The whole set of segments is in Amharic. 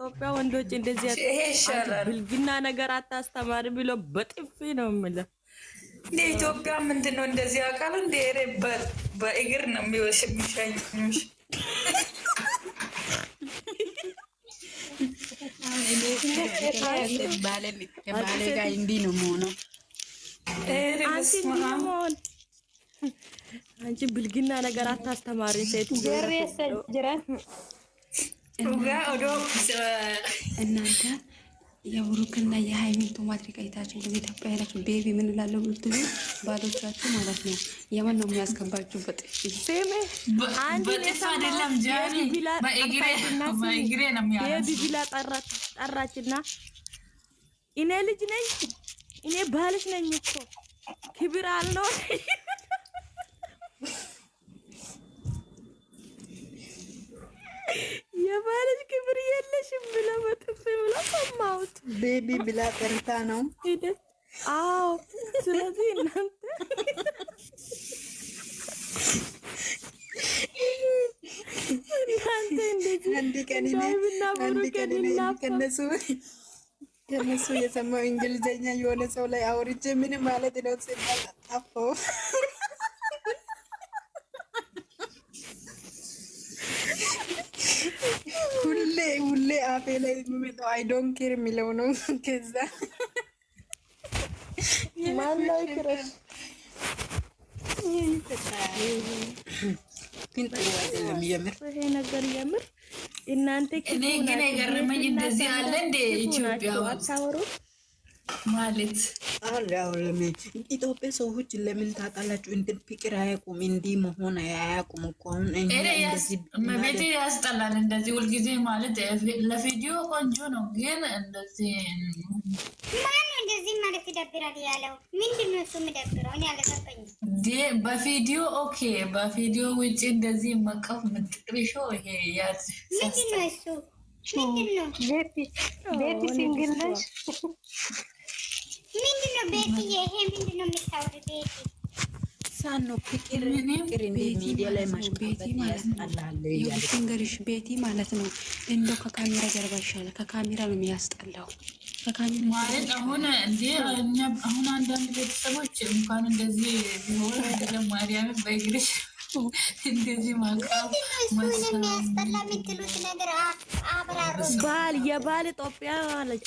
ኢትዮጵያ ወንዶች እንደዚህ ብልግና ነገር አታስተማሪ ብሎ በጥፊ ነው የምለው። እንደ ኢትዮጵያ ምንድን ነው እንደዚህ አካል እንደ በእግር ነው የሚሸኝ። ባለ ጋ እንዲህ ነው የምሆነው። አንቺ ብልግና ነገር አታስተማሪ ሴት ጀሬ እናንተ የብሩክና የሃይሚን ቶማትሪክ አይታችሁ እንደዚህ ኢትዮጵያ ሄዳችሁ ቤቢ ምን ላለው ብትሉ ባሎቻችሁ ማለት ነው። የማን ነው የሚያስገባችሁ? በጥፊ ጠራችና እኔ ልጅ ነኝ እኔ ባልሽ ነኝ እኮ ክብር አለው የመጣሁት ቤቢ ብላ ጠርታ ነው። አዎ፣ ስለዚህ እናንተ እናንተ እንደዚህ አንድ ቀን ከነሱ ከነሱ የሰማው እንግሊዘኛ የሆነ ሰው ላይ አውርቼ ምን ማለት ነው ሲባል ሁሌ ሁሌ አፌ ላይ የሚመጣው አይ ዶንት ኬር የሚለው ነው። ከዛ ማነው ክረሽ ይሄ ነገር የምር እናንተ እኔ ግን የገረመኝ እንደዚህ አለ እንደ ኢትዮጵያ ማለት አለ ለምን ኢትዮጵያ ሰዎች ለምን ታጣላችሁ? እንትን ፍቅር አያውቁም፣ እንዲህ መሆን አያውቁም እኮ አሁን ቤቴ ያስጠላል። እንደዚህ ሁልጊዜ ማለት ለቪዲዮ ቆንጆ ነው፣ ግን እንደዚህ ማን እንደዚህ ማለት ይደብራል ያለው ምንድን ነው? እሱ የሚደብረው እኔ አልገባኝም። በቪዲዮ ኦኬ፣ በቪዲዮ ውጭ እንደዚህ መቀፍ ምትቅሪሾ ይሄ ያዝ ምንድን ነው እሱ ምንድን ነው ቤቲ ሲንግል ነሽ ምንድነው ቤቲ? ሳኖ ቤቲ ማለት ነው። እንደው ከካሜራ ጀርባ ይሻላል። ከካሜራ ነው የሚያስጠላው። ከካሜራ ማለት አሁን አንዳንድ ቤተሰቦች እንኳን እንደዚህ ቢሆን ማርያምን በእግርሽ እንደዚህ የሚያስጠላ የምትሉት ነገር አብራሩ። ባል የባል ኢትዮጵያ አለች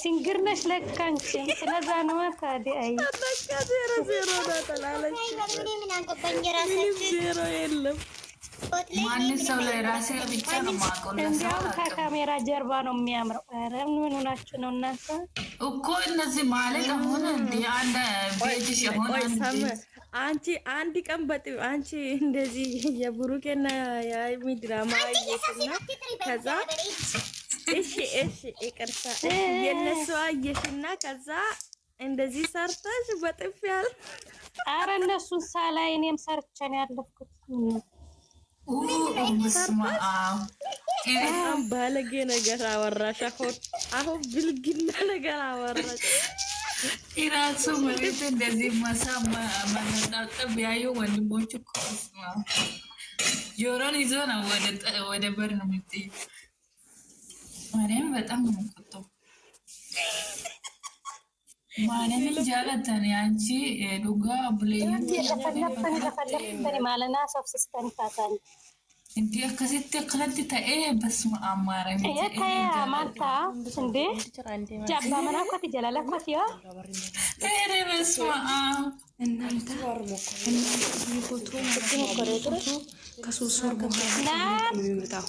ሲንግር ነሽ ለካ አንቺ። ስለዛ ነዋ ታዲያ። አይ ዜሮ ዜሮ ዜሮ የለም። ማንም ሰው ራሴ ብቻ እንዲያውም ከካሜራ ጀርባ ነው የሚያምረው። ኧረ ምን ሆናችሁ ነው እናንተ? እኮ እነዚህ ማለት አሁን እንዲህ አንድ ቤትሽ የሆነ አንቺ አንድ ቀን በጥ አንቺ እንደዚህ የብሩኬና የአይሚ ድራማ እየሰማ ከዛ እሺ፣ እሺ፣ ይቅርታ የነሱ አየሽና ከዛ እንደዚህ ሰርተሽ በጥፊያል። አረ እነሱን ሳላይ እኔም ሰርቸን ያለፍኩት በጣም ባለጌ ነገር አወራሽ። አሁን አሁን ብልግና ነገር አወራሽ። ራሱ መሬት እንደዚህ ማሳ መነጣጠብ ያዩ ወንድሞቹ ጆሮን ይዞ ነው ወደ በር ነው የሚጥይ ማርያም በጣም ነው የምቆጣው። ማንም ጃለተን አንቺ ዱጋ ብሌን እንዴ ከሲት ከለንቲ ተኤ በስመ አብ ማርያም የታ ማንታ እንዴ ጃባ መናኮት ጀላለፍማት ያ ተኤ በስመ አብ እናንተ ከሶስት ወር በኋላ ነው የሚመጣው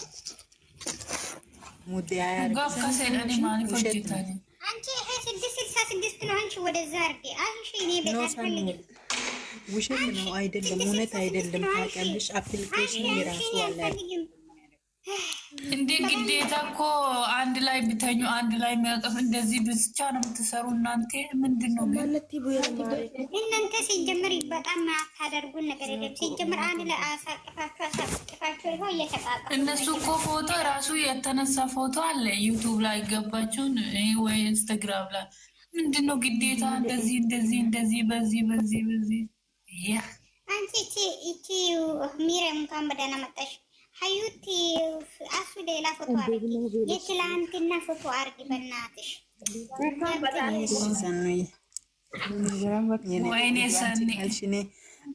ውሸት ነው አይደለም፣ እውነት አይደለም። ታውቂያለሽ፣ አፕሊኬሽን የራሱ አለ ግን ግዴታ እኮ አንድ ላይ ብተኙ አንድ ላይ የሚያቀፍ እንደዚህ ብቻ ነው የምትሰሩ እናንተ። ምንድን ነው እናንተ ሲጀምር በጣም አታደርጉን ነገር የለም። ሲጀምር አንድ ላይ አሳቅፋችሁ አሳቅፋችሁ ይሆ እየተቃቀ እነሱ እኮ ፎቶ ራሱ የተነሳ ፎቶ አለ ዩቱብ ላይ ገባችሁን ወይ ኢንስታግራም ላይ ምንድን ነው ግዴታ እንደዚህ እንደዚህ እንደዚህ በዚህ በዚህ በዚህ ያ አንቺ ቺ እቺ ሚረ እንኳን በደህና መጣሽ። ሀዩቲ እሱ ሌላ ፎቶ አርጊ፣ የትላንትና ፎቶ አርጊ። በእናትሽ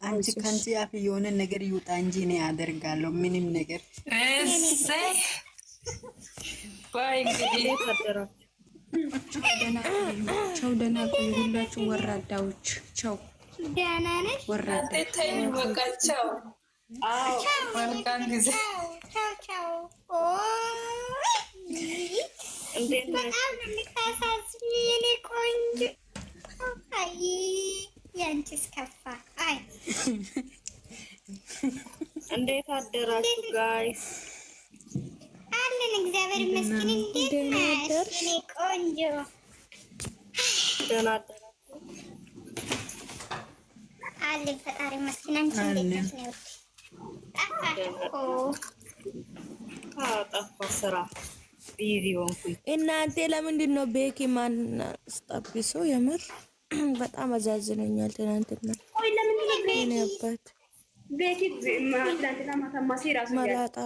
አንቺ ከአንቺ አፍ የሆነ ነገር ይውጣ እንጂ እኔ አደርጋለሁ ምንም ነገር ቸው። ደህና ቆዩ ሁላችሁ ወራዳዎች። ቸው ደህና ነሽ ወራዳ መልካም ጊዜ። እንዴት አደራችሁ ጋይስ? አለን እግዚአብሔር ይመስገን። እንዴት ነሽ የኔ ቆንጆ? ደህና አደራችሁ? አለን ፈጣሪ ይመስገን። አንቺ እንዴት ነሽ? ስራ እናንተ ለምንድን ነው ቤኪ ማና ስጠብሶ? የምር በጣም አዛዝኖኛል። ትናንትና ባት መላጣ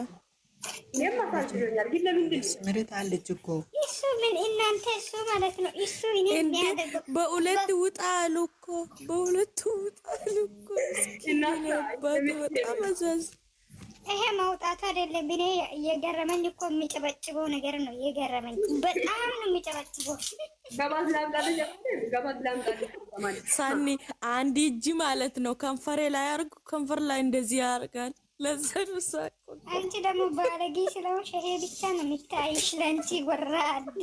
በሁለት ውጣ አሉ እኮ በሁለት ውጣ አሉ እኮ በጣም አዛዝ ይሄ መውጣቱ አይደለም። እኔ የገረመኝ እኮ የሚጨበጭበው ነገር ነው የገረመኝ። በጣም ነው የሚጨበጭበው። ሳኒ አንድ እጅ ማለት ነው ከንፈሬ ላይ አርጉ፣ ከንፈር ላይ እንደዚህ ያርጋል። ለዛ አንቺ ደግሞ ባለጌ ስለሆንሽ ይሄ ብቻ ነው የሚታይሽ ለአንቺ ወራዳ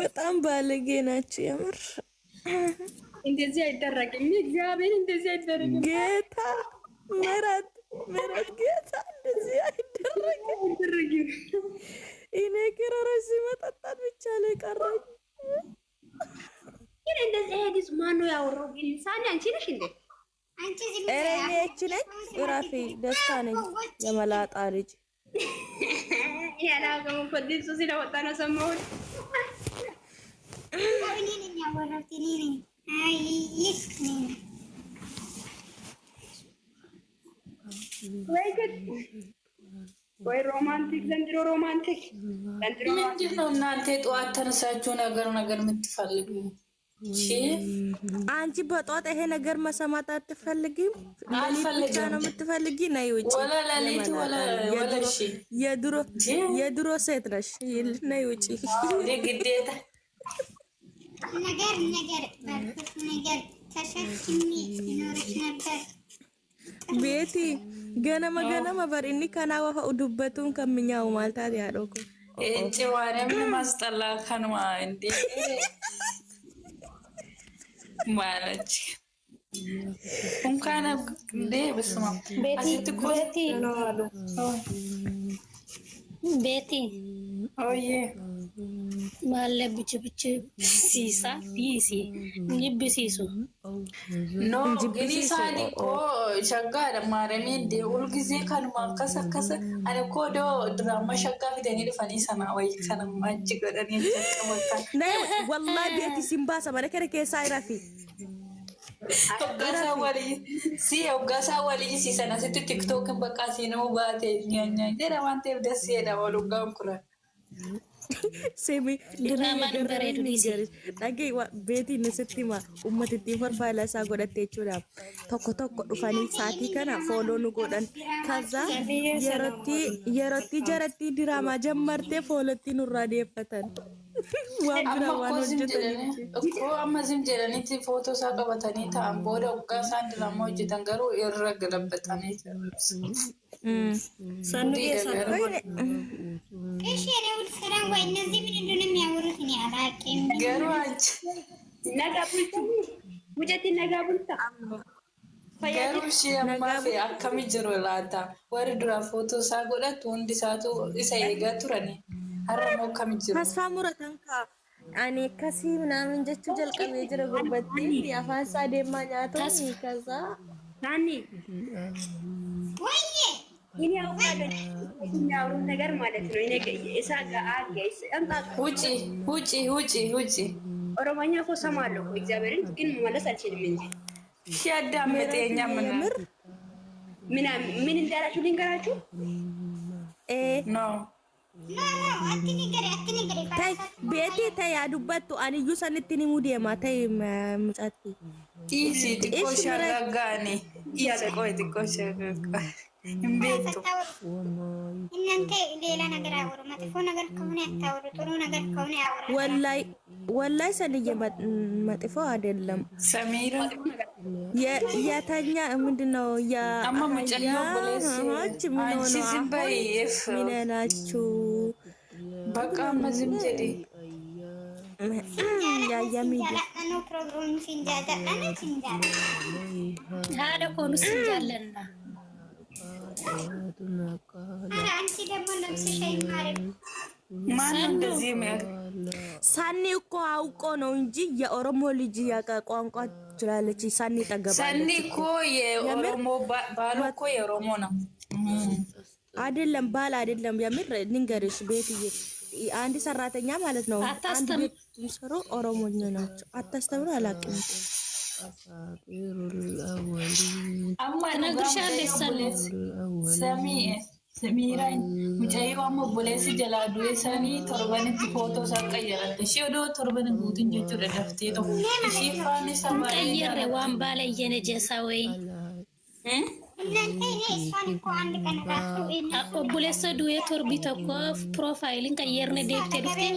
በጣም ባለጌ ናቸው የምር እንደዚህ አይደረግም። እግዚአብሔር እንደዚህ አይደረግም። ጌታ ምረት ምረት ጌታ እንደዚህ አይደረግም። እኔ ክረረሲ መጠጣት ብቻ ነው የቀረኝ። ግን እንደዚህ ሄዲስ ማኑ ያወራው ግን ሳኒ አንቺ ነሽ እንዴ? ረኔች ነኝ ራፊ ደስታ ነኝ የመላጣ ልጅ ያላገሙ ፈዲሱ ሲለወጣ ነው ሰማሁት ወይ ሮማንቲክ ዘንድሮ ሮማንቲክ ምንድን ነው እናንተ? ጠዋት ተነሳችሁ ነገር ነገር የምትፈልጉ አንቺ በጠዋት ይሄ ነገር መሰማት አትፈልጊም። ብቻ ነው የምትፈልጊ። ነይ ውጭ። የድሮ ሴት ነሽ። ነይ ውጭ ግዴታ ነገር ነገር በርኩት ነገር ተሸክሚ ይኖርሽ ነበር። ቤቲ ገነመ ገነመ በር እኒ ከናወፈ ዱበቱን ከምኛው ማልታት ያዶኩ እጭ ዋረም ማስጠላ ከንማ እንዴ ማለች እንኳን እንዴ በስማ ቤቲ ቤቲ ባለ ብችብች ሲሳ ቢሲ ንብ ሲሱ ኖ ግሪሳን እኮ ሸጋደ ማረሜን ሁል ጊዜ ከኑማ ከሰከሰ አነ እኮ ዶ ድራማ ሸጋ ፊደኒ ድፈኒ ሰና ወይ ከነማ እጅ ገደኒ ወላ ቤቲ ሲምባሰ መነ ከነ ኬሳ ይረፊ Hoggasaa walii si hoggasaa walii si sana sitti tiktookin bakka siinuu baate nyaanyaa jedha waan ta'eef dassiidha wal hoggaan kuran. Semi dhagee beetiin sitti hima uummata ittiin farfaala isaa godhatte jechuudhaaf tokko tokko dhufanii saatii kana fooloo nu godhan kaza yerootti jaratti diraamaa jammartee foolotti nurraa deeffatan waan bira waan hojjetaniif. Amma zim jedhanitti footoo isaa qabatanii ta'an booda waggaa isaan diraamaa hojjetan garuu irra galabatanii jiru. Garuu akkami jiru laata? Warri dura footoo isaa godhatu hundi isaatu isa eegaa turani. Har'a immoo akkami jiru? Tasfaa muratan kaa. Ani akkasii ምናምን jechuu jalqabee jira gurbattiin afaan isaa deemaa nyaatuun kaza. Taani. Wayye. እኔ አውቃለሁ የሚያወሩት ነገር ማለት ነው። ውጪ ውጪ ውጪ እኮ እግዚአብሔርን ግን መመለስ አልችልም እንጂ ሲያዳምጥ የኛ ምናምር ምን እንዳላችሁ ልንገራችሁ። ታይ ቤቲ ተይ አዱበት አንዩ ሰንትን ሙዴማ ተይ ምጫት ቆሻጋኔ ቆይ ቆይ እናንተ ሌላ ነገር መጥፎ ነገር ከሆነ ጥሩ ነገር ከሆነ ወላይ ወላይ መጥፎ አይደለም። ሰሚራ የተኛ ምንድነው ያአማጭ ምንሆነሚነላችሁ በቃ መዝም ፕሮግራም ሲንጃ ተቀነ ሲንጃ ሳኒ እኮ አውቆ ነው እንጂ የኦሮሞ ልጅ ቋንቋ ትችላለች። ሳኒ ጠገባ እኮ የኦሮሞ ባሉ እኮ የኦሮሞ ነው አይደለም፣ ባል አይደለም። የምር ንገርሽ ቤትዬ አንድ ሰራተኛ ማለት ነው። አንድ ቤት የሚሰሩ ኦሮሞኛ ናቸው። አታስተምሩ አላውቅም mucayyoo amma obboleessi jalaa du'e sanii torbanitti footoo isaa qayyaratte ishee odoo torban guutin jechuudha daftee tokko ishee faani sabaayirre waan baala iyyene jesa ወይ obboleessa du'e torbi tokko piroofaayiliin qayyarne deebte dhufte